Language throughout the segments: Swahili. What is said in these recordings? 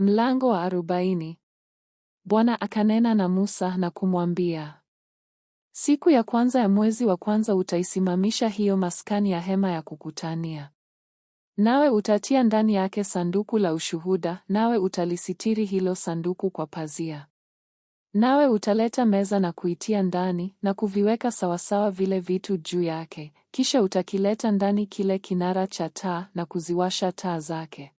Mlango wa arobaini. Bwana akanena na Musa na kumwambia, siku ya kwanza ya mwezi wa kwanza utaisimamisha hiyo maskani ya hema ya kukutania, nawe utatia ndani yake sanduku la ushuhuda, nawe utalisitiri hilo sanduku kwa pazia. Nawe utaleta meza na kuitia ndani na kuviweka sawasawa vile vitu juu yake, kisha utakileta ndani kile kinara cha taa na kuziwasha taa zake.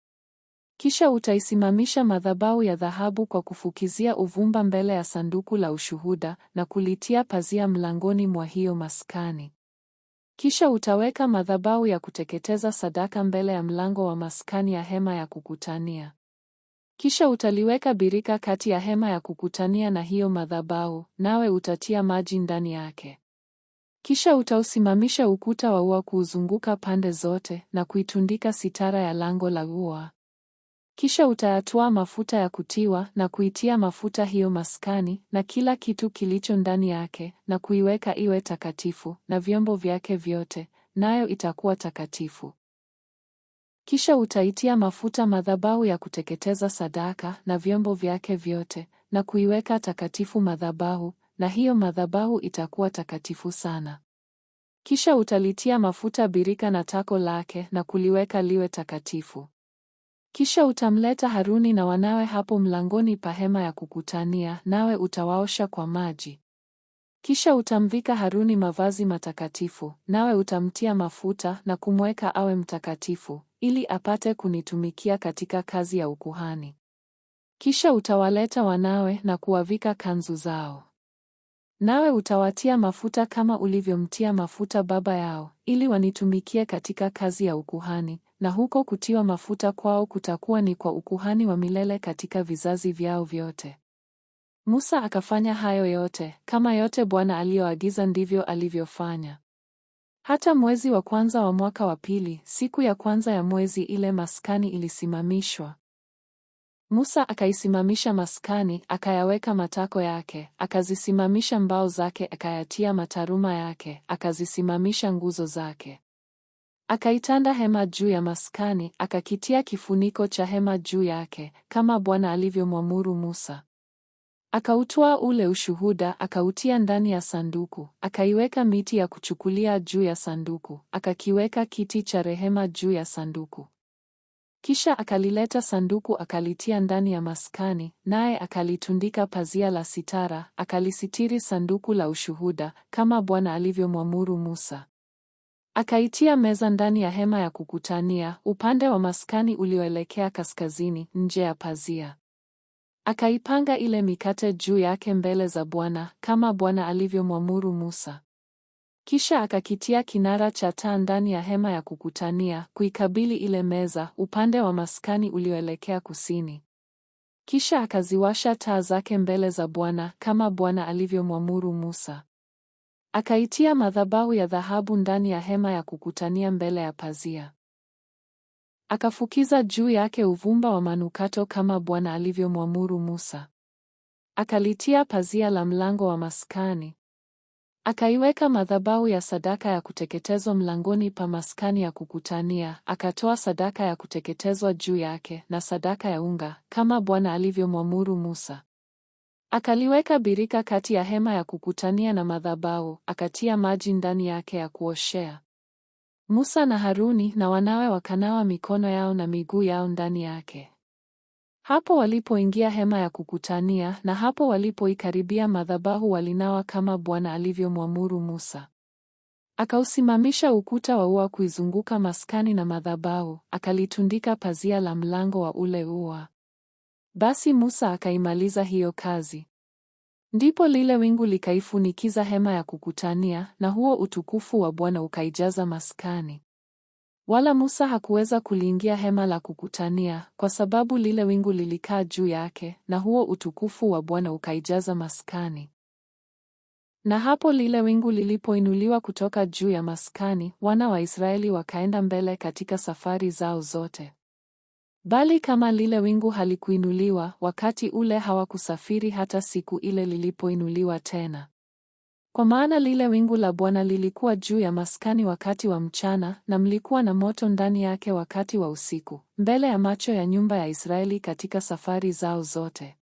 Kisha utaisimamisha madhabahu ya dhahabu kwa kufukizia uvumba mbele ya sanduku la ushuhuda na kulitia pazia mlangoni mwa hiyo maskani. Kisha utaweka madhabahu ya kuteketeza sadaka mbele ya mlango wa maskani ya hema ya kukutania. Kisha utaliweka birika kati ya hema ya kukutania na hiyo madhabahu, nawe utatia maji ndani yake. Kisha utausimamisha ukuta wa ua kuuzunguka pande zote na kuitundika sitara ya lango la ua. Kisha utayatoa mafuta ya kutiwa na kuitia mafuta hiyo maskani na kila kitu kilicho ndani yake, na kuiweka iwe takatifu na vyombo vyake vyote, nayo itakuwa takatifu. Kisha utaitia mafuta madhabahu ya kuteketeza sadaka na vyombo vyake vyote, na kuiweka takatifu madhabahu, na hiyo madhabahu itakuwa takatifu sana. Kisha utalitia mafuta birika na tako lake na kuliweka liwe takatifu. Kisha utamleta Haruni na wanawe hapo mlangoni pa hema ya kukutania, nawe utawaosha kwa maji. Kisha utamvika Haruni mavazi matakatifu, nawe utamtia mafuta na kumweka awe mtakatifu, ili apate kunitumikia katika kazi ya ukuhani. Kisha utawaleta wanawe na kuwavika kanzu zao. Nawe utawatia mafuta kama ulivyomtia mafuta baba yao, ili wanitumikie katika kazi ya ukuhani, na huko kutiwa mafuta kwao kutakuwa ni kwa ukuhani wa milele katika vizazi vyao vyote. Musa akafanya hayo yote, kama yote Bwana aliyoagiza ndivyo alivyofanya. Hata mwezi wa kwanza wa mwaka wa pili, siku ya kwanza ya mwezi, ile maskani ilisimamishwa. Musa akaisimamisha maskani, akayaweka matako yake, akazisimamisha mbao zake, akayatia mataruma yake, akazisimamisha nguzo zake. Akaitanda hema juu ya maskani, akakitia kifuniko cha hema juu yake, kama Bwana alivyomwamuru Musa. Akautoa ule ushuhuda, akautia ndani ya sanduku, akaiweka miti ya kuchukulia juu ya sanduku, akakiweka kiti cha rehema juu ya sanduku. Kisha akalileta sanduku akalitia ndani ya maskani, naye akalitundika pazia la sitara, akalisitiri sanduku la ushuhuda, kama Bwana alivyomwamuru Musa. Akaitia meza ndani ya hema ya kukutania, upande wa maskani ulioelekea kaskazini, nje ya pazia. Akaipanga ile mikate juu yake mbele za Bwana, kama Bwana alivyomwamuru Musa. Kisha akakitia kinara cha taa ndani ya hema ya kukutania, kuikabili ile meza, upande wa maskani ulioelekea kusini. Kisha akaziwasha taa zake mbele za Bwana, kama Bwana alivyomwamuru Musa. Akaitia madhabahu ya dhahabu ndani ya hema ya kukutania mbele ya pazia. Akafukiza juu yake uvumba wa manukato kama Bwana alivyomwamuru Musa. Akalitia pazia la mlango wa maskani. Akaiweka madhabahu ya sadaka ya kuteketezwa mlangoni pa maskani ya kukutania, akatoa sadaka ya kuteketezwa juu yake na sadaka ya unga kama Bwana alivyomwamuru Musa. Akaliweka birika kati ya hema ya kukutania na madhabahu, akatia maji ndani yake ya kuoshea. Musa na Haruni na wanawe wakanawa mikono yao na miguu yao ndani yake. Hapo walipoingia hema ya kukutania na hapo walipoikaribia madhabahu walinawa kama Bwana alivyomwamuru Musa. Akausimamisha ukuta wa ua kuizunguka maskani na madhabahu, akalitundika pazia la mlango wa ule ua. Basi Musa akaimaliza hiyo kazi. Ndipo lile wingu likaifunikiza hema ya kukutania, na huo utukufu wa Bwana ukaijaza maskani. Wala Musa hakuweza kuliingia hema la kukutania, kwa sababu lile wingu lilikaa juu yake, na huo utukufu wa Bwana ukaijaza maskani. Na hapo lile wingu lilipoinuliwa kutoka juu ya maskani, wana wa Israeli wakaenda mbele katika safari zao zote. Bali kama lile wingu halikuinuliwa, wakati ule hawakusafiri hata siku ile lilipoinuliwa tena. Kwa maana lile wingu la Bwana lilikuwa juu ya maskani wakati wa mchana, na mlikuwa na moto ndani yake wakati wa usiku, mbele ya macho ya nyumba ya Israeli katika safari zao zote.